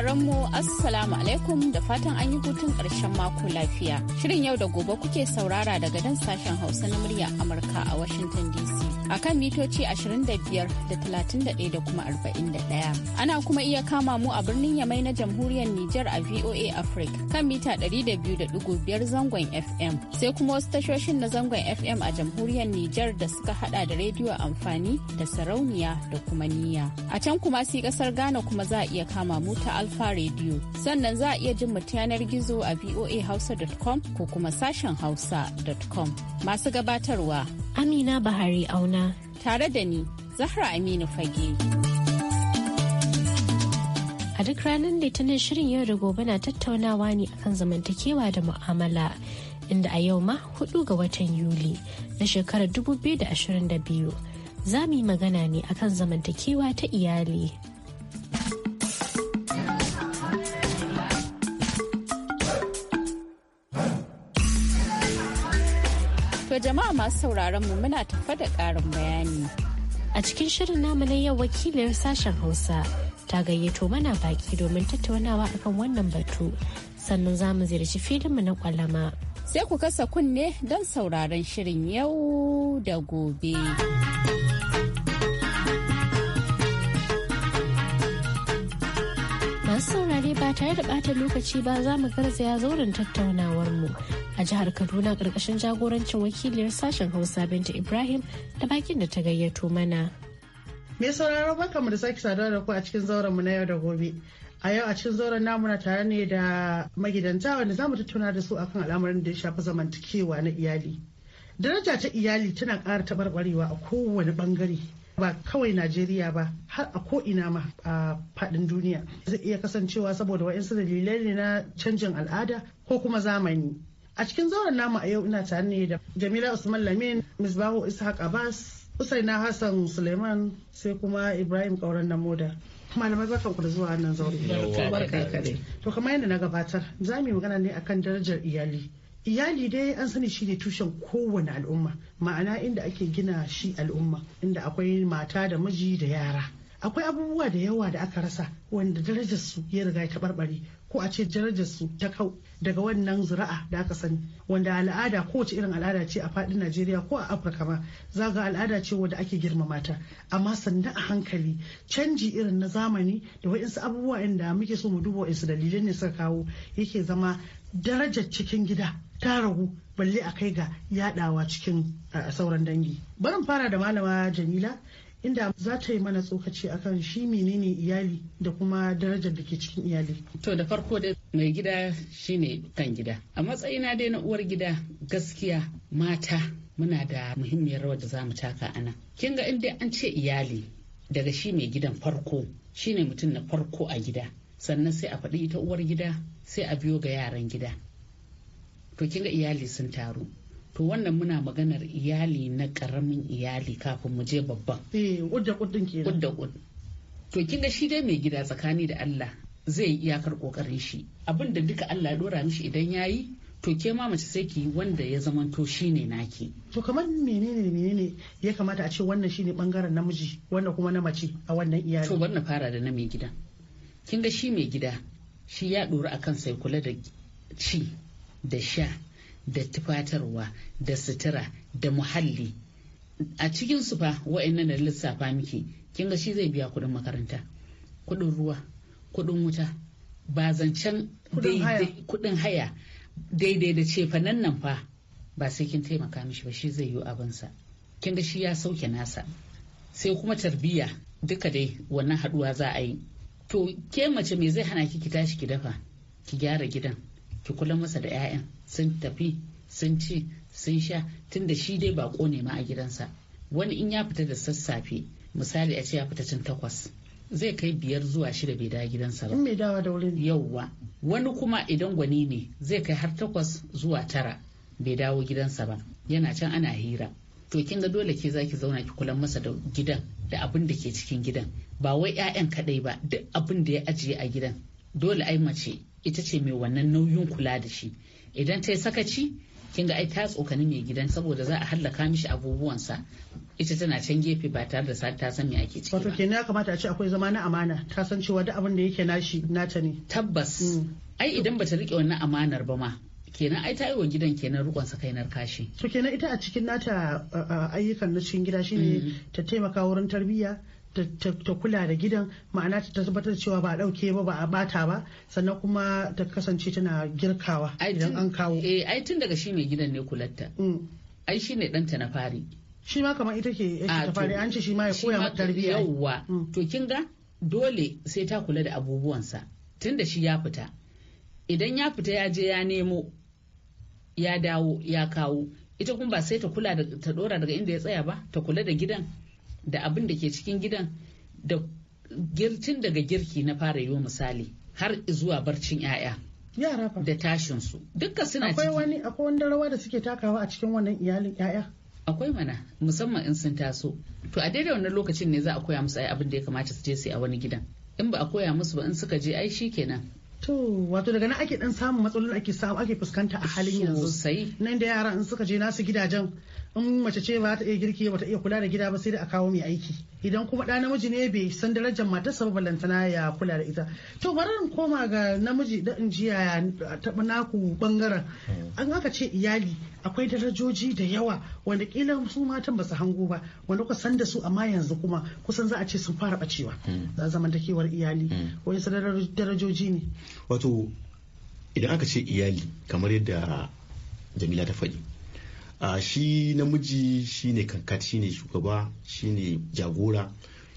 sauraronmu mu assalamu alaikum da fatan an yi hutun ƙarshen mako lafiya. Shirin yau da gobe kuke saurara daga dan sashen Hausa na murya Amurka a Washington DC. A kan mitoci 25 da 31 da kuma 41. Ana kuma iya kama mu a birnin Yamai na jamhuriyar Nijar a VOA Africa kan mita 200.5 zangon FM. Sai kuma wasu tashoshin na zangon FM a jamhuriyar Nijar da suka hada da rediyo amfani da sarauniya da kuma niyya. A can kuma si kasar Ghana kuma za a iya kama mu ta Alpha Radio. Sannan za a iya jin mu yanar gizo a voahausa.com ko kuma sashen hausa.com. Masu gabatarwa Amina Bahari Auna. Tare da ni, Zahra Aminu Fage. A duk ranar Litinin shirin yau da gobe na tattaunawa ne akan zamantakewa da mu'amala. inda a yau ma hudu ga watan Yuli na shekarar 2022 za mu yi magana ne akan zamantakewa ta iyali. Jama'a masu sauraron mu muna tafa da ƙarin bayani. A cikin shirin namu na yau wakiliyar sashen Hausa ta gayyato mana baki domin tattaunawa akan wannan batu sannan za mu ziyarci mu na kwalama. Sai ku kasa kunne don sauraron shirin yau da gobe. masu saurare ba tare da bata lokaci ba za mu garzaya zauren tattaunawarmu a jihar kaduna karkashin jagorancin wakiliyar sashen hausa binta ibrahim da bakin da ta gayyato mana me sauraro barkamu da sake saduwa da ku a cikin zauren mu na yau da gobe a yau a cikin zauren namu na tare ne da magidanta wanda za mu tattauna da su akan al'amarin da ya shafi zamantakewa na iyali daraja ta iyali tana ƙara taɓarɓarewa a kowane ɓangare ba kawai Najeriya ba har a ko'ina ma a faɗin duniya zai iya kasancewa saboda waɗansu dalilai ne na canjin al'ada ko kuma zamani. A cikin zauren namu a yau ina tare ne da Jamila Usman Lamin, Ms. baho Ishaq Abbas, Usaina Hassan Suleiman sai kuma Ibrahim Kauran Namoda. malamai barkan ku da zuwa nan zaure to kamar yadda na gabatar za mu yi magana ne akan darajar iyali iyali dai an sani shi ne tushen kowane al'umma ma'ana inda ake gina shi al'umma inda akwai mata da miji da yara akwai abubuwa da yawa da aka rasa wanda darajar ya riga ta barbare ko a ce darajar ta kau daga wannan zuri'a da aka sani wanda al'ada kowace irin al'ada ce a faɗin Najeriya ko a Afirka ma za ga al'ada ce wanda ake girmama ta amma sannan a hankali canji irin na zamani da wa'insu abubuwa inda muke so mu duba wa'insu dalilai ne suka kawo yake zama darajar cikin gida ta ragu balle a kai ga yadawa cikin eh, sauran dangi barin fara da malama jamila inda za ta yi mana tsokaci akan shi menene iyali da kuma darajar da ke cikin iyali. To da farko da mai gida shine kan gida. A matsayina dai na uwar gida gaskiya mata muna da muhimmiyar rawar da za mu taka ana. Kin ga inda an ce iyali daga shi mai gidan farko shine mutum na farko a gida. Sannan sai a faɗi ita uwar gida sai a biyo ga yaran gida. to kin ga iyali sun taru to wannan muna maganar iyali na karamin iyali kafin mu je babban eh wadda kudin kenan wadda kud to kin ga shi dai mai gida tsakani da Allah zai yi iyakar kokarin shi abin da duka Allah ya dora mishi idan yayi to ke ma mace sai ki wanda ya zamanto shine naki to kamar menene menene ya kamata a ce wannan shine bangaren namiji wanda kuma na mace a wannan iyali to bari na fara da na mai gida kin ga shi mai gida shi ya dora akan sai kula da ci da sha da tufatarwa da sutura da muhalli a cikin su fa wa'annan da lissafa miki kin ga shi zai biya kuɗin makaranta kuɗin ruwa kuɗin wuta ba zancen kuɗin haya daidai da cefa nan fa ba sai kin taimaka mishi ba shi zai yi abinsa kin ga shi ya sauke nasa sai kuma tarbiyya duka dai wannan haɗuwa za a yi to ke mace me zai hana ki ki tashi ki dafa ki gyara gidan ki kula masa da 'ya'yan sun tafi sun ci sun sha tunda shi dai ba ne ma a gidansa wani in ya fita da sassafe misali a ce ya fita cin takwas zai kai biyar zuwa shida bai dawo gidansa ba. In bai da wurin. Yauwa. Wani kuma idan gwani ne zai kai har takwas zuwa tara bai dawo gidansa ba. Yana can ana hira. To kin ga dole ke zaki zauna ki kula masa da gidan da abin da ke cikin gidan. Ba wai 'ya'yan kadai ba duk abin da ya ajiye a gidan. Dole ai mace ita ce mai wannan nauyin kula da shi idan ta yi sakaci kin ga ai ta tsokani mai gidan saboda za a hallaka mishi abubuwansa ita tana can gefe ba tare da ta san me ake ciki wato kenan ya kamata a ce akwai zama na amana ta san cewa duk abin da yake nashi nata ne tabbas mm. ai idan bata rike wannan amanar ba ma kenan ai ta yi wa gidan kenan rukon sa kainar kashi to kenan ita a cikin nata ayyukan na cikin gida shine mm. ta taimaka wurin tarbiyya ta kula da gidan ma'ana ta tabbatar cewa ba a dauke ba ba a bata ba sannan kuma ta kasance tana girkawa idan an kawo eh ai tun daga shi mai gidan ne kulatta mm. ai shine ta na fari shi ma kamar ita ke ta fari an ce shi ma ya koya mata tarbiyya yawwa mm. to kin ga dole sai ta kula da abubuwansa tun da shi ya fita idan ya fita ya je ya nemo ya dawo ya kawo ita kuma ba sai ta kula da ta dora daga inda ya tsaya ba ta kula da gidan da abin da ke cikin gidan da girtin daga girki na fara yiwa misali har zuwa barcin 'ya'ya yara fa da tashin su dukkan suna akwai wani akwai wani rawa da suke takawa a cikin wannan iyalin 'ya'ya akwai mana musamman in sun taso to a daidai wannan lokacin ne za a koya musu abin da ya kamata su je su a wani gidan in ba a koya musu ba in suka je ai shikenan so wato daga nan ake dan samun matsalolin ake samu ake fuskanta a halin yanzu. Sosai. Nan da yara in suka je nasu gidajen in mace ce ba ta iya girki ba ta iya kula da gida ba sai da a kawo mai aiki idan kuma ɗa namiji ne bai san darajar matarsa ba balantana ya kula da ita to bari in koma ga namiji da in ji yaya taɓa naku bangaren an hmm. aka ce iyali akwai darajoji da yawa wanda kila su matan ba su hango ba wanda ku san da su amma yanzu kuma kusan za a ce sun fara bacewa hmm. za zamantakewar iyali hmm. wani darajoji ne wato idan aka ce iyali kamar yadda jamila ta faɗi a shi namiji shi ne kankat ne shugaba shi ne jagora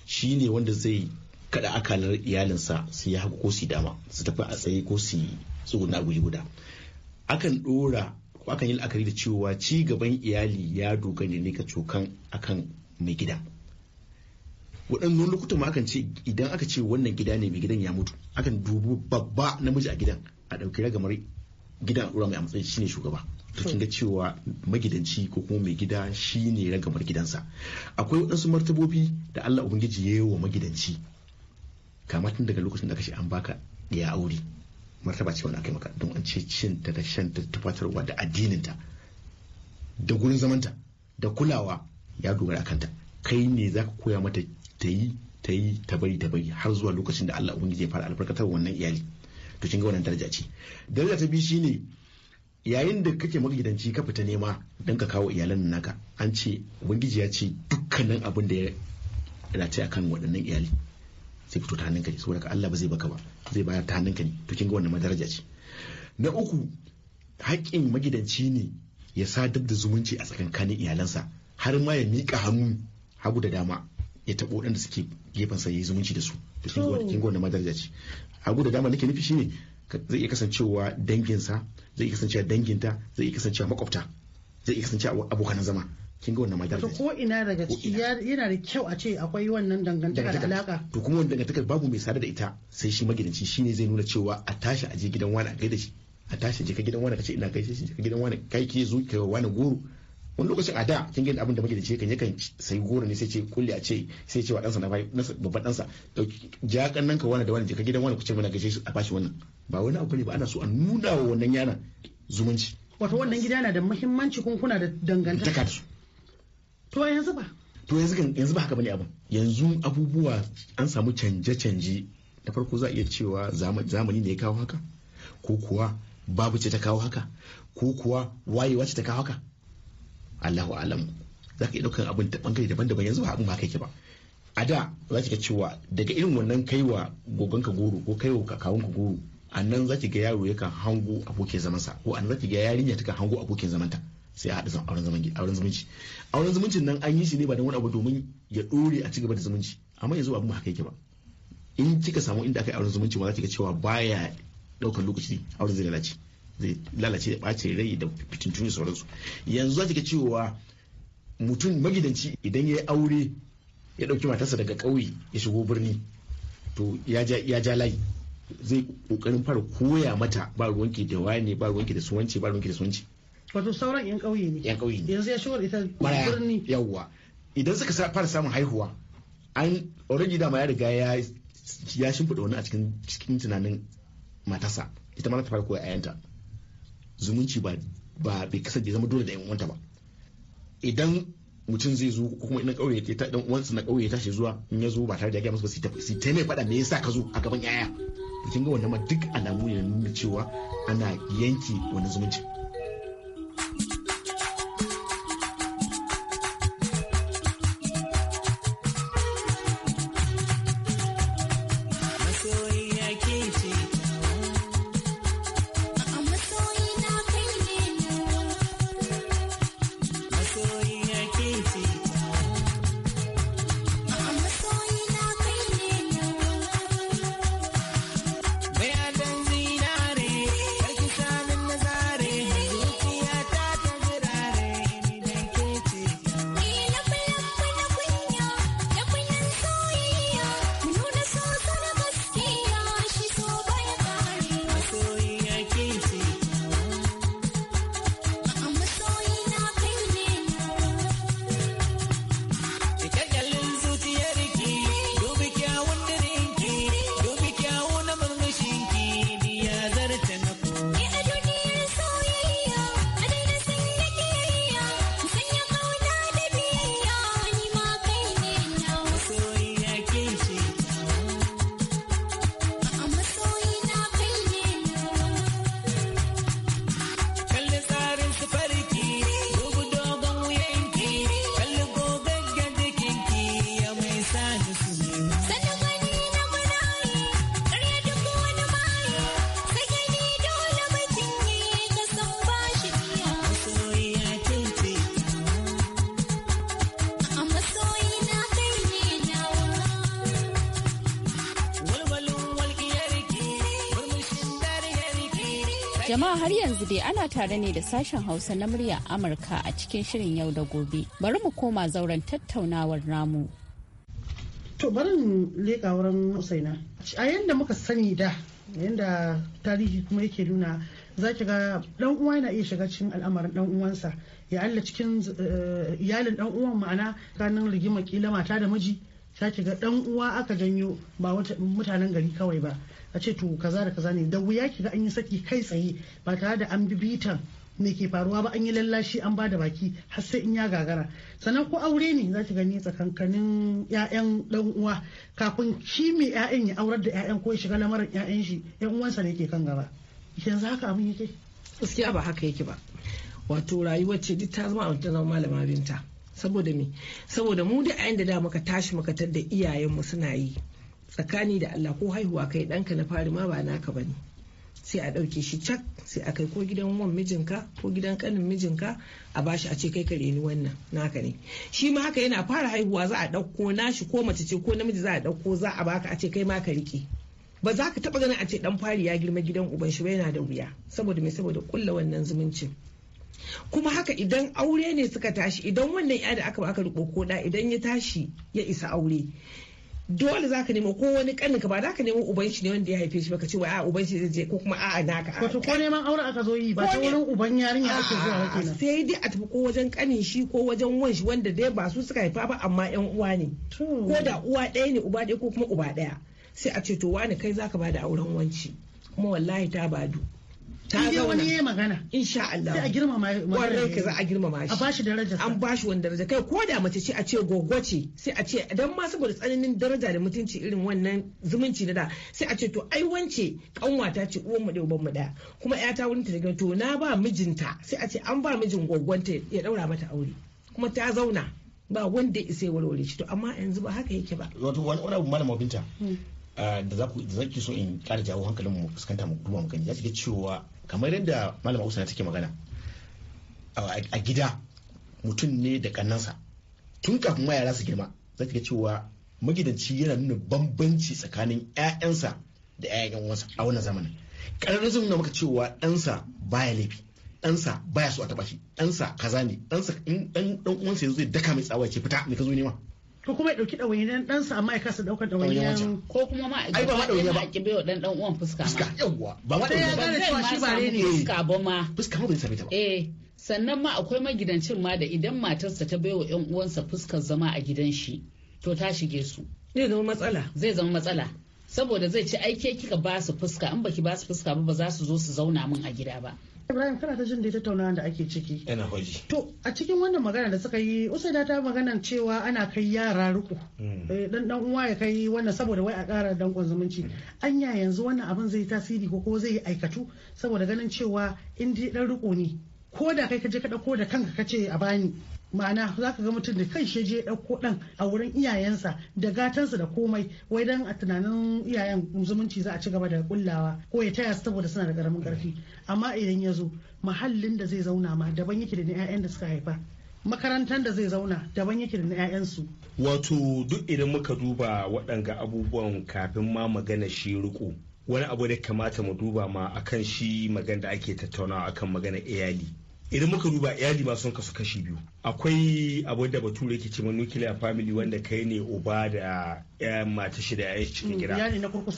shi ne wanda zai kada akalar iyalinsa su yi hagu ko su dama su tafi a tsaye ko su tsuguna guji guda akan dora ko akan yi la'akari da cewa ci gaban iyali ya dogare ne ka cokan akan mai gida waɗannan lokutan ma akan ce idan aka ce wannan gida ne mai gidan ya mutu akan dubu babba namiji a gidan a ɗauki ragamar gidan a ɗora mai a matsayin ne shugaba to kinga cewa magidanci ko kuma mai gida shine ragamar gidansa akwai waɗansu martabobi da Allah ubangiji ya yi wa magidanci kama tun daga lokacin da kace an baka ya aure martaba ce wani akai maka don an ce cin ta da shan ta tufatarwa da addininta da gurin zamanta da kulawa ya dogara a kanta kai ne za ka koya mata ta yi ta yi ta bari ta bari har zuwa lokacin da Allah ubangiji ya fara albarkatar wannan iyali to kin wannan daraja ce daraja ta biyu shine yayin da kake magidanci ka fita nema don ka kawo iyalan naka an ce ubangiji ya ce dukkanin abin da ya dace akan waɗannan iyali sai fito ta hannunka ne saboda ka Allah ba zai baka ba zai bayar ta hannunka ne to kin ga wannan madaraja ce na uku haƙƙin magidanci ne ya sadar da zumunci a tsakankanin iyalansa har ma ya miƙa hannu hagu da dama ya taɓo waɗanda suke sa ya yi zumunci da su to kin ga wannan madaraja ce hagu da dama nake nufi shine zai iya kasancewa danginsa zai iya a danginta zai iya a makwabta zai iya a abokan zama kin ga wannan ma to ko ina daga ciki yana da kyau a ce akwai wannan dangantaka da alaka to kuma wannan dangantaka babu mai sada da ita sai shi magidanci shine zai nuna cewa a tashi a je gidan wani a gaida shi a tashi je ka gidan wani ka ce ina gaishe shi ka gidan wani kai ke zo kai wani goro wani lokacin a da kin gani abin da magidanci kan yakan sai goro ne sai ce kulle a ce sai ce wa dansa na bai babban ɗansa ja kannan ka wani da wani je ka gidan wani ku ce muna gaishe shi a bashi wannan ba wani abu ne ba ana so a nuna wa wannan yana zumunci wato wannan gida na da muhimmanci kun kuna da dangantaka da su to yanzu ba to yanzu yanzu ba haka bane abu. yanzu abubuwa an samu canje-canje da farko za a iya cewa zamani ne ya kawo haka ko kuwa babu ce ta kawo haka ko kuwa wayewa ce ta kawo haka Allahu alam za ka iya ɗaukar abin ta bangare daban-daban yanzu ba abin ba kake ba a da za ki cewa daga irin wannan kaiwa gogonka goro ko kaiwa kakawunka goro a nan za ki ga yaro yakan hango abokin zamansa ko a nan za ki ga yarinya takan hango abokin zamanta sai a haɗa auren zaman auren zumunci auren zumuncin nan an yi shi ne ba don wani abu domin ya ɗore a cigaba da zumunci amma yanzu abin ba haka yake ba in kika samu inda aka yi auren zumunci ba za ki ga cewa baya ɗaukar lokaci auren zai lalace zai lalace da ɓace rai da fitintuni sauransu yanzu za ki ga cewa mutum magidanci idan ya yi aure ya ɗauki matarsa daga ƙauye ya shigo birni to ya ja layi zai kokarin fara koya mata ba ruwanki da wani ba ruwanki da suwanci ba ruwanki da suwanci wato sauran yan kauye ne yan kauye ne yanzu ya shigar ita birni yawwa idan suka fara samun haihuwa an already ma ya riga ya ya shimfiɗa wani a cikin cikin tunanin matasa ita ma ta fara koya ayanta zumunci ba ba bai kasance zama dole da yan uwanta ba idan mutum zai zo kuma ina kauye ta dan uwansa na kauye tashi zuwa in ya zo ba tare da ya gaya masa ba sai ta mai faɗa me yasa ka zo a gaban yaya kin ga wannan ma duk alamu ne nuna cewa ana yanki wani zumunci Jama'a har yanzu dai ana tare ne da sashen Hausa na murya Amurka a cikin shirin yau da gobe. Bari mu koma zauren tattaunawar namu. To barin leƙa wurin Usaina. A yanda muka sani da yanda tarihi kuma yake nuna za ki ga dan uwa yana iya shiga cikin al'amarin dan uwansa ya Allah cikin eh, iyalin dan uwan ma'ana kanin rigima kila mata da miji za ki ga dan uwa aka janyo ba mutanen gari kawai ba a ce to kaza da kaza ne da wuya kiga an yi saki kai tsaye ba tare da an bi bitan me ke faruwa ba an yi lallashi an ba da baki har sai in ya gagara sannan ko aure ne za ki gani tsakankanin ƴaƴan dan uwa kafin shi mai ƴaƴan ya aurar da ƴaƴan ko ya shiga lamarin ƴaƴan shi ƴan uwansa ne ke kan gaba yanzu haka abin yake gaskiya ba haka yake ba wato rayuwar ce duk ta zama ta zama malama binta saboda me mu da ayin da da muka tashi muka tadda iyayenmu suna yi tsakani da Allah ko haihuwa kai ɗanka na fari ma ba naka ba ne sai a ɗauke shi cak sai a kai ko gidan wan mijinka ko gidan kanin mijinka a bashi a ce kai ka reni wannan naka ne shi ma haka yana fara haihuwa za a ɗauko nashi ko mace ce ko namiji za a ɗauko za a baka a ce kai ma ka riƙe ba za ka taɓa ganin a ce ɗan fari ya girma gidan uban shi ba yana da wuya saboda mai saboda kulla wannan zumuncin kuma haka idan aure ne suka tashi idan wannan ya da aka baka riko ko da idan ya tashi ya isa aure dole zaka nemo ko wani kanin ka ba zaka nemo uban ne wanda ya haife shi ba ka ce wa a uban zai je ko kuma a'a naka wato ko neman aure aka zo yi ba ta wurin uban yarinya ake zuwa kenan sai dai a tafi ko wajen kanin shi ko wajen wan shi wanda dai ba su suka haifa ba amma yan uwa ne ko da uwa ɗaya ne uba ɗaya ko kuma uba ɗaya sai a ce to wani kai zaka da auren wanci kuma wallahi ta badu ta ga wani yayi magana insha Allah sai a girmama kwarai ka za a girmama shi a bashi daraja an bashi wani daraja kai ko da mace ce a ce gogo ce sai a ce dan ma saboda tsananin daraja da mutunci irin wannan zumunci na da sai a ce to ai wance kanwata ce uwan mu da uban mu daya kuma yata wurin ta daga to na ba mijinta sai a ce an ba mijin gogonta ya daura mata aure kuma ta zauna ba wanda ya isa warware shi to amma yanzu ba haka yake ba wato wani abu malam binta hmm. ah, da za ku so in kara jawo hankalin mu fuskanta mu duba mu gani za ki ga cewa kamar yadda malama usana take magana a gida mutum ne da kannansa tun kafin ma yara su girma za ga cewa magidanci yana nuna bambanci tsakanin 'ya'yansa da 'ya'yan wasu a wannan zamanin ƙarar zai nuna maka cewa ɗansa baya laifi ɗansa baya so a taɓa shi ɗansa kaza ne ɗansa in ɗan uwansa ya zai daka mai tsawa ce fita mai ka zo nema ko kuma ya dauki dan ɗansa amma ya kasa ɗaukar ɗawainiyar ko kuma ma ai ba ma ba ki bayo dan dan uwan fuska fuska yawwa ba ma ɗawainiya ba shi ma ne eh. fuska ba ma fuska ba bai ta ba eh sannan ma akwai magidancin ma da idan matarsa ta baiwa yan uwansa fuskar zama a gidan shi to ta shige su zai zama matsala zai zama matsala saboda zai ci aike kika ba su fuska in baki ba su fuska ba ba za su zo su zauna min a gida ba Ibrahim kana ta jin da tattaunawa da ake ciki. Ina hoji. To a cikin wannan magana da suka yi da ta magana cewa ana kai yara riko. Hmm. Eh, dan dan uwa ya kai wannan saboda wai a ƙara dankon zumunci. Hmm. Anya yanzu wannan abin zai tasiri ko ko zai aikatu saboda ganin cewa in dai dan riko ne ko da kai ka je ka dauko da kanka ka ce a bani ma'ana za ka ga mutum da kai shi je ɗauko ɗan a wurin iyayensa da gatansa da komai wai dan a tunanin iyayen zumunci za a ci gaba da kullawa ko ya taya su saboda suna da karamin karfi amma idan ya zo mahallin da zai zauna ma daban yake da na da suka haifa makarantar da zai zauna daban yake da na 'ya'yansu. wato duk idan muka duba waɗanga abubuwan kafin ma magana shi riko wani abu da kamata mu duba ma akan shi magana da ake tattaunawa akan magana iyali idan muka duba iyali ma sun kasu kashi biyu akwai abin da bature ke cewa nuclear family wanda kai ne uba da yan mata shida ya cikin mm, gida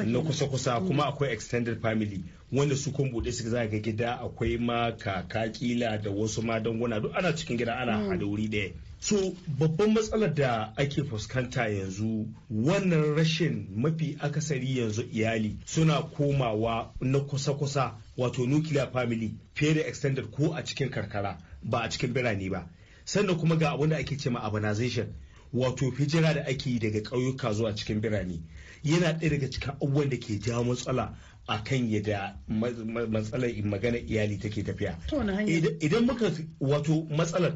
na kusa kusa mm. kuma akwai extended family wanda su kun bude suka zaga gida akwai ma kaka kila da wasu ma danguna duk ana cikin gida ana mm. hada wuri daya so babban matsalar da ake fuskanta yanzu wannan rashin mafi akasari yanzu iyali suna komawa na kusa-kusa wato nuclear family fiye da extended ko a cikin karkara ba a cikin birane ba sannan kuma ga abin da ake ce ma urbanization wato hijira da ake yi daga ƙauyuka zuwa cikin birane yana ɗaya daga cikin abubuwan da ke jawo matsala a kan yadda matsalar magana iyali take tafiya idan muka wato matsalar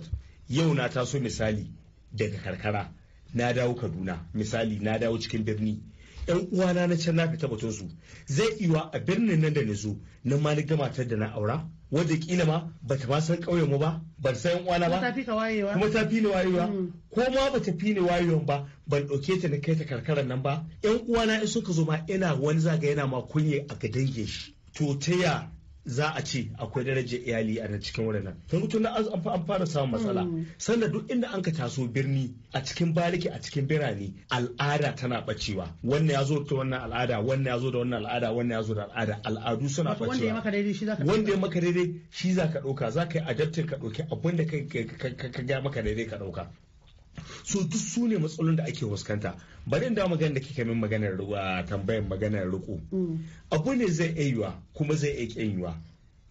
yau na taso misali daga karkara na dawo kaduna misali na dawo cikin birni yan uwana na can na fita batun su zai iwa a birnin nan da na zo na ma na matar da na aura wadda kila ma ba ta san ƙauyen mu ba ban san yan uwana ba kuma ta fi ni wayewa ko ma ta fi ni wayewa mm. ba ban ɗauke ta na kai ta karkaran nan ba yan uwana in suka zo ma ina wani zaga yana ma kunye a gadan shi to ta za a ce akwai darajar iyali a nan cikin wurin nan kun tun na an fara samun matsala mm. sanda duk inda an ka taso birni a cikin bariki a cikin birane al'ada tana bacewa wannan ya zo da wannan al'ada wannan ya zo da wannan al'ada wannan ya zo da al'ada al'adu suna bacewa wanda ya maka daidai shi zaka wanda ya maka daidai shi zaka dauka zaka yi adaptin ka dauki abin da ka ga maka daidai ka dauka so duk su ne matsalolin da ake fuskanta bari in da magana da kika min maganar ruwa tambayar maganar riko mm. abu ne zai iya kuma zai iya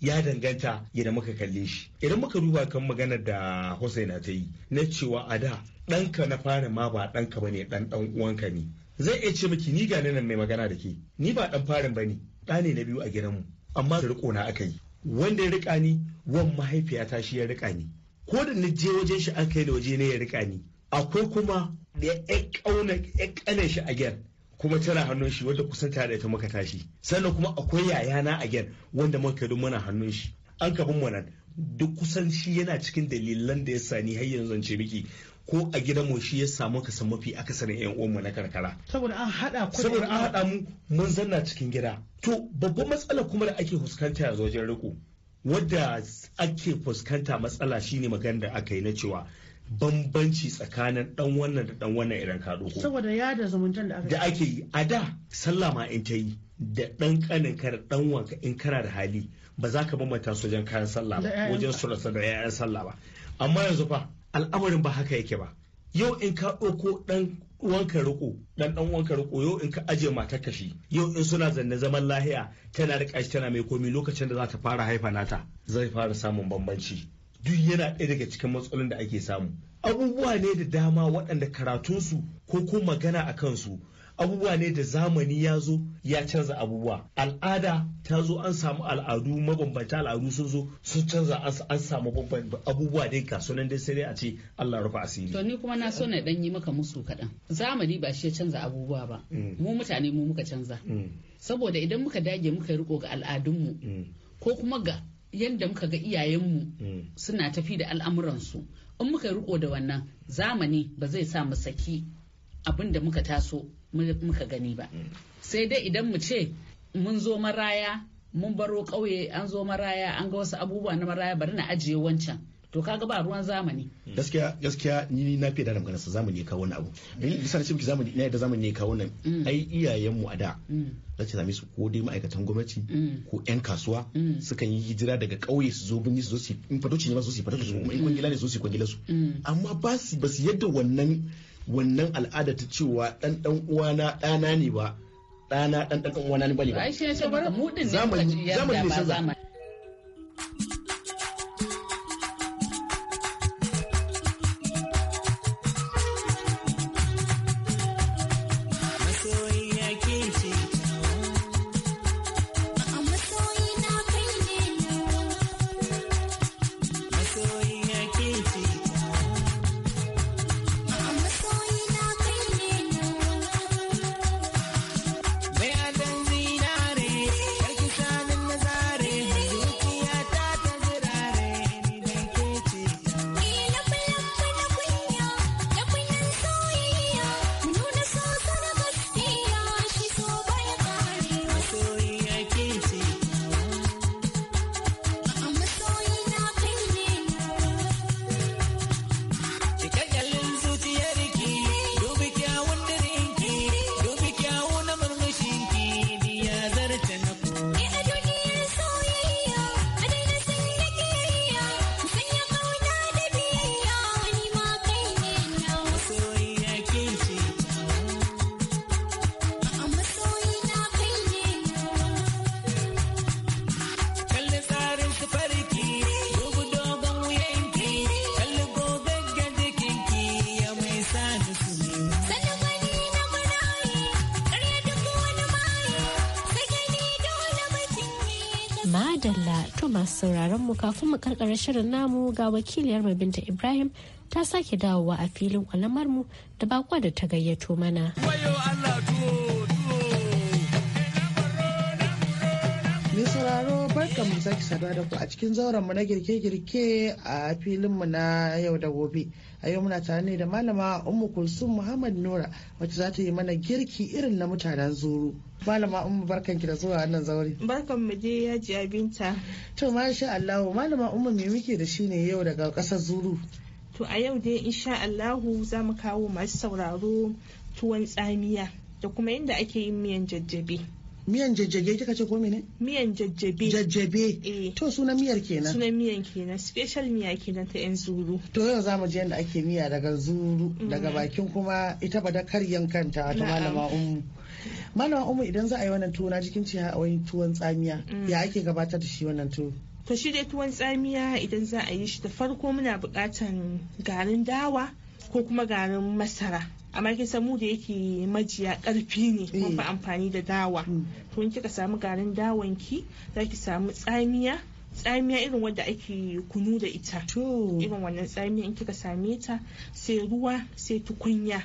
ya danganta idan muka kalle shi idan muka duba kan maganar da Hussaina ta yi na cewa a da ɗanka na fara ma ba ɗanka ba ne ɗan ɗan uwanka ne zai iya ce miki ni gane nan mai magana da ke ni ba ɗan farin ba ne ɗa ne na biyu a mu. amma da riko na aka yi wanda ya riƙa ni wan mahaifiyata shi ya riƙa ni ko da na je wajen shi aka yi da waje ne ya riƙa ni akwai kuma da ya ƙauna shi a gen kuma tana hannun shi wadda kusan tare da ta muka tashi sannan kuma akwai yayana a gen wanda muka duk muna hannun shi an kabin mu nan duk kusan shi yana cikin dalilan da ya sani har yanzu ce miki ko a mu shi ya samu ka san mafi akasarin yan mu na karkara saboda an hada ku saboda an hada mu mun zanna cikin gida to babban matsala kuma da ake fuskanta yanzu wajen riko wadda ake fuskanta matsala shine magana da aka yi na cewa bambanci tsakanin dan wannan da dan wannan idan ka saboda ya da zumuntar da aka da ake yi a da sallah ma in ta yi da dan kanin ka da dan wanka in kana da hali ba za ka bambanta su wajen kayan sallah ba wajen surarsa da yayan sallah ba amma yanzu fa al'amarin ba haka yake ba yau in ka doko dan wanka riko dan dan wanka riko yau in ka aje mata kashi yau in suna zanne zaman lahiya tana rika shi tana mai komi lokacin da za ta fara haifa nata zai fara samun bambanci duk yana ɗaya daga cikin matsalolin da ake samu abubuwa ne da dama waɗanda karatunsu ko ko magana a kansu abubuwa ne da zamani ya zo ya canza abubuwa al'ada ta zo an samu al'adu mabambanta al'adu sun zo sun canza an samu abubuwa dai sunan dai sai dai a ce Allah rufa asiri to ni kuma na so na dan yi maka musu kaɗan zamani ba shi ya canza abubuwa ba mm. mu mutane mu muka canza mm. saboda idan muka dage muka riko ga al'adunmu mm. ko kuma ga yadda muka ga iyayenmu hmm. suna tafi da al'amuransu in muka riko da wannan zamani ba zai sa mu saki abin da muka taso muka gani ba hmm. sai dai idan mu ce mun zo maraya mun baro ƙauye an zo maraya an ga wasu abubuwa na maraya bari na ajiye wancan to kaga ba ruwan zamani hmm. gaskiya gaskiya ni na fi da magana sa zamani ya kawo wani abu hmm. ni bisa na ce zamani ne da zamani ya kawo wannan hmm. ai iyayen mu a da za ta su ko dai ma'aikatan gwamnati ko yan kasuwa suka yi hijira daga ƙauye su zo birni su zo su in fatoci ne ma su su fatoci su kuma in kwangila ne su su kwangila su amma ba su ba su yadda wannan wannan al'ada ta cewa dan dan uwana dana ne ba dana dan dan uwana ne bane ba ai shi ne shabar mudin ne zamani zamani ne masu sauraron mu kafin mu karkara shirin namu ga wakiliyar mu Binta Ibrahim ta sake dawowa a filin kwalamar mu da bakwa da ta gayyato mana. barka mu sake saduwa da ku a cikin zauren mu na girke-girke a filin mu na yau da gobe. A yau muna tare ne da malama Ummu Kulsum Muhammad Nura wacce za ta yi mana girki irin na mutanen zuru. Malama Ummu barkan ki da zuwa wannan zaure. Barkan mu je ji abinta. To masha Allah malama Ummu me muke da shi ne yau daga kasar zuru? To a yau dai insha Allahu za mu kawo masu sauraro tuwon tsamiya da kuma yadda ake yin miyan jajjabe. miyan jajjage ita ce ko mene miyan jajjabe jajjabe eh. to sunan miyar kenan sunan miyan kenan special miya kenan ta yan zuru to yau zamu je yadda ake miya daga zuru daga mm. bakin kuma ita ba da karyan kanta ta malama ummu malama ummu idan za a yi wannan tuwo na jikin ci a wani tuwon tsamiya mm. ya ake gabatar da shi wannan tuwo to shi dai tuwon tsamiya idan za a yi shi da farko muna buƙatan garin dawa ko kuma garin masara amma kin san mu da yake majiya karfi ne kuma eh. fi amfani da dawa hmm. to in kika samu garin dawan ki zaki samu tsamiya tsamiya irin wanda ake kunu da ita irin wannan tsamiya in kika same ta sai ruwa sai tukunya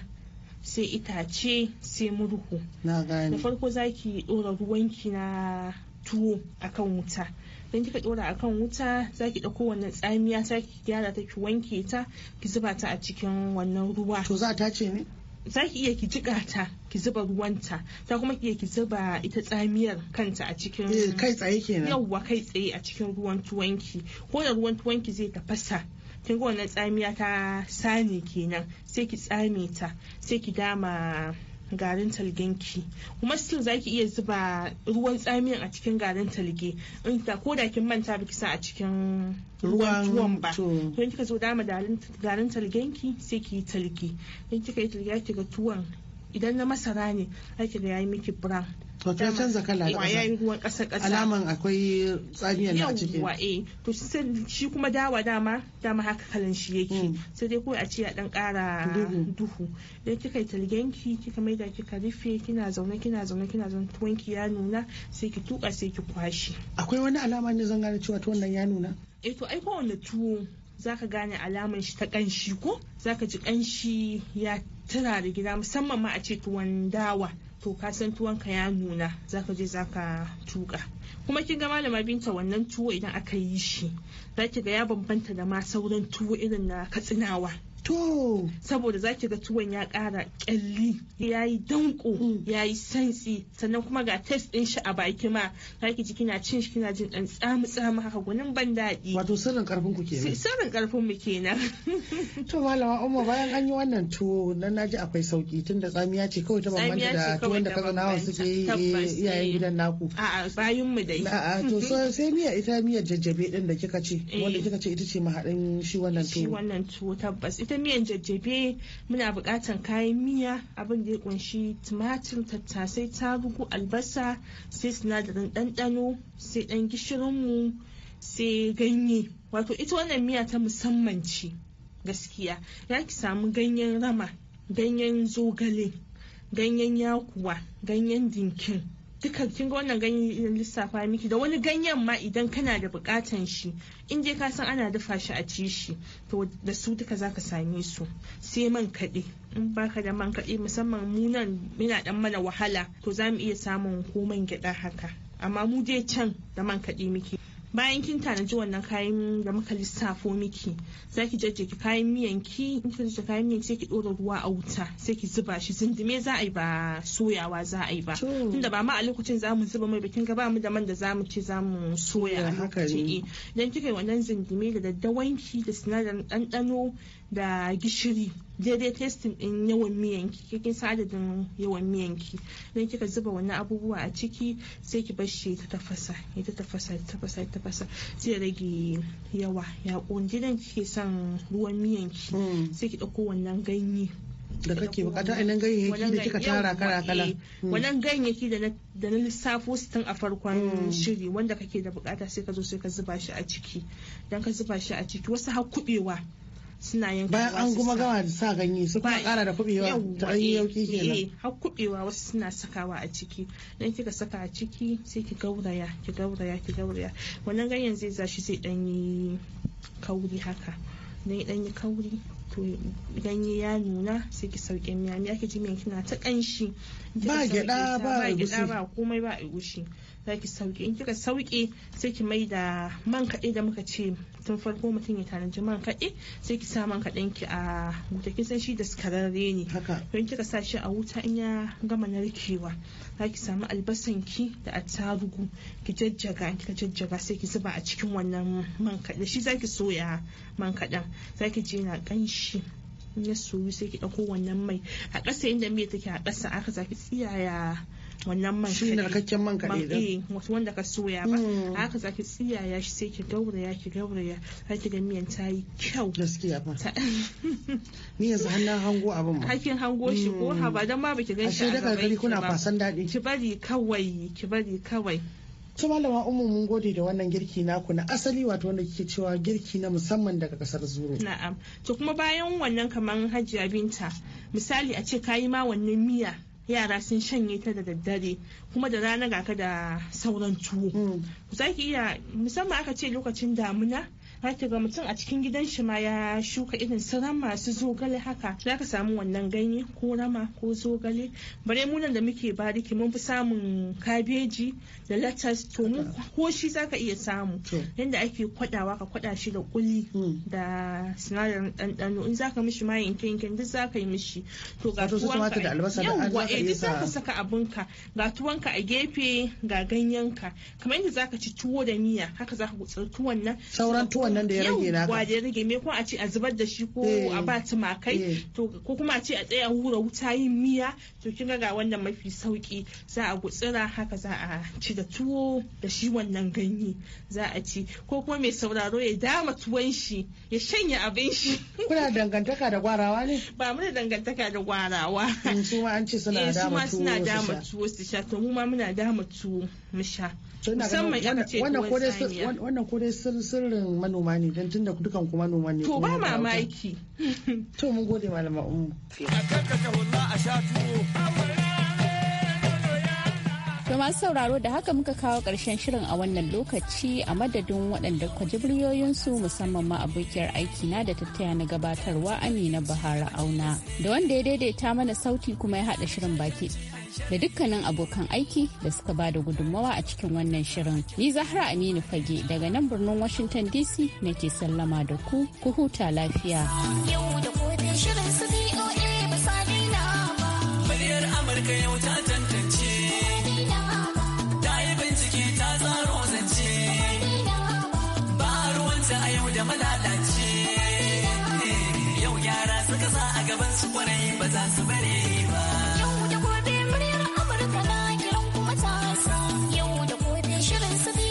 sai itace sai murhu da farko zaki dora ruwanki na tuwo akan wuta idan kika dora akan wuta zaki dauko wannan tsamiya zaki gyara ta ki wanke ta ki zuba ta a cikin wannan ruwa to za ta ce ne za ki iya ki jiƙa ta ki zuba ruwanta ta kuma iya ki zuba ita tsamiyar kanta a cikin eh, kai tsaye kenan yawwa kai tsaye a cikin ruwan tuwanki ko da ruwan tuwanki zai tafasa kin ga wannan tsamiya ta sani kenan sai ki tsame ta sai ki dama garin ki kuma za ki iya zuba ruwan tsamiyan a cikin garin talge in ta ko da kin manta biki sa a cikin ruwan ba don kika zo dama garin talgen ki sai ki talgi talge in kika yi talge kika tuwon idan na masara ne aiki ga yayi miki brown to ya canza kala da ya yi ruwan kasa kasa alaman akwai tsamiya na cikin yawwa eh to shi kuma dawa dama dama haka kalan shi yake mm. sai dai kawai a ce a dan ƙara duhu dan kika yi talgenki kika maida kika rufe kina zaune kina zaune kina zaune tuwanki ya nuna sai ki tuka sai ki kwashi akwai wani alama ne zan gane cewa tuwon nan ya nuna eh to ai wanda tuwo zaka gane alaman shi ta kanshi ko zaka ji kanshi ya tura da gida musamman ma a ce tuwon dawa to ka san tuwonka ya nuna zaka je zaka tuka kuma kin ga malama binta wannan tuwo idan aka yi shi zaki ga ya bambanta da ma sauran tuwo irin na katsinawa To. Saboda za ki ga tuwon ya ƙara ƙyalli ya yi danko mm. ya yi santsi sannan kuma ga test ɗin shi a baki ma za ki ji kina cin shi kina jin ɗan tsamu tsamu haka gunin ban daɗi. Wato sirrin karfin ku kenan. Sirrin karfin mu kenan. To malama Umma bayan an yi wannan tuwo nan naji akwai sauki tunda tsamiya ce kawai ta bambanta da tuwon da nawa suke eh, eh. iyayen gidan naku. A'a bayan mu dai. A'a to sai miya ita miyar jajjabe ɗin da kika ce eh. wanda kika ce ita ce mahaɗin shi wannan tuwo. Shi wannan tuwo tabbas ita ta miyan jajjabe muna buƙatar kayan miya abin da ya kunshi tumatir tattasai bugu albasa sai sinadarin ɗanɗano sai ɗan gishirinmu sai ganye wato ita wannan miya ta musamman ce gaskiya ya ki samu ganyen rama ganyen zogale ganyen yakuwa ganyen dinkin duka kin ga wannan ganye lissafa miki da wani ganyen ma idan kana da bukatan shi in je ka san ana dafa shi a ci shi to da su duka zaka same su sai man kaɗe in baka da man kade musamman mu nan yana dan mana wahala to za mu iya samun ko man gyaɗa haka amma mu je can da man kaɗe miki. bayan kin tanaji wannan kayan da muka lissafo miki za ki jajjage kayan miyan ki in ki jajjage kayan miyan sai ki dora ruwa a wuta sai ki zuba shi zindime za a yi ba soyawa za a yi ba tunda ba ma a lokacin za mu zuba mai bikin ga ba mu da man da za mu ce za mu soya a lokacin eh, idan kika yi wannan zindime da daddawanki da sinadarin ɗanɗano da gishiri daidai testing din yawan miyanki kikin sadadin yawan miyanki don kika zuba wani abubuwa a ciki sai ki bar shi ta tafasa ya ta tafasa ta tafasa ta tafasa sai rage yawa ya kunji dan kike son ruwan miyanki mm. sai ki dauko wannan ganye da kake bukata ainihin ganyayyaki da kika tara kala kala eh. mm. wannan ganyayyaki da na lissafo su tun a farkon mm. shiri wanda kake da bukata sai ka zo sai ka zuba shi a ciki dan ka zuba shi a ciki wasu har kubewa suna yanka bayan an kuma gama da sa ganye su kuma kara da kubewa ta an yauki eh, kenan eh har kubewa wasu suna sakawa a ciki dan kika saka a ciki sai ki gauraya ki gauraya ki gauraya wannan ganyen zai zashi zai dan yi kauri haka dan dan yi kauri to ganye ya nuna sai ki sauke miya miya ki ji miyan kina ta kanshi ba gida ba ba komai ba a gushi za ki in kika sauke sai ki mai da man kaɗe da muka ce tun farko mutum ya tanaji man kaɗe sai ki sa man kaɗen ki a wuta kin san shi da skararre ne to in kika sa shi a wuta in ya gama narkewa za ki samu albasan ki da attarugu ki jajjaga in kika jajjaga sai ki zuba a cikin wannan man kaɗe shi za ki soya man kaɗan za ki je na ƙanshi ya soyu sai ki ɗauko wannan mai a ƙasa inda mai take a ƙasa aka zaki tsiyaya wannan man shi ne rakakken man kaɗai din eh, wato wanda ka soya ba hmm. haka zaki ya shi sai ki ya ki ya har ki ga miyan ta yi kyau gaskiya ba ni yanzu hannun hango abin ma hakin hango shi ko hmm. ha ba dan ma baki gan shi a gaban kuna fasan daɗi ki bari kawai ki bari kawai su malama umu mun gode da wannan girki naku na asali wato wanda kike cewa girki na musamman daga kasar zuru na'am to kuma bayan wannan kamar hajjia binta misali a ce kayi ma wannan miya yara sun shanye ta da daddare kuma da rana ga ka da sauran tuwo mm. ku za ki iya musamman aka ce lokacin damuna haka ga mutum a cikin gidan shi ma ya shuka irin su rama su zogale haka za ka samu wannan ganye ko rama ko zogale bare munan da muke bariki mun fi samun kabeji da latas to mu ko shi za ka iya samu yadda ake kwadawa ka kwada shi da kuli hmm. da sinadarin ɗanɗano in za ka mishi ma yanke yanke duk za ka yi mishi to ga tuwanka yawwa eh duk ka saka abinka ga tuwanka a gefe ga ganyenka kamar yadda za ka ci tuwo da miya haka za ka gutsar tuwon nan sauran tuwon wannan da ya rage naka yawwa da ya rage me ko a ce a zubar da shi ko a eh. ba tumakai eh. to ko kuma a ce a tsaya hura wuta yin miya to kin ga wannan mafi sauki za a gutsira haka za a ci da tuwo da shi wannan ganye za a ci ko kuma mai sauraro ya dama tuwon shi ya shanya abin shi kuna dangantaka da gwarawa ne ba mu da dangantaka da gwarawa mm, su ma an ce suna eh, dama tuwo su suna dama tuwo su sha to mu ma muna dama tuwo mu sha musamman aka ce tuwon saniya wannan kodai sirrin manoma noma ne don tunda dukan kuma noma ne to ba mamaki to mun gode malama umu a To masu sauraro da haka muka kawo ƙarshen shirin a wannan lokaci a madadin waɗanda kwa su musamman ma abokiyar aiki na da tattaya na gabatarwa Amina Bahara Auna. Da wanda ya daidaita mana sauti kuma ya haɗa shirin baki da dukkanin abokan aiki da suka bada gudunmawa a cikin wannan shirin. Ni Zahra Aminu Fage daga nan birnin Washington DC nake sallama da ku, ku huta lafiya. Yau da shirin su ba sa ba. Amurka yau ta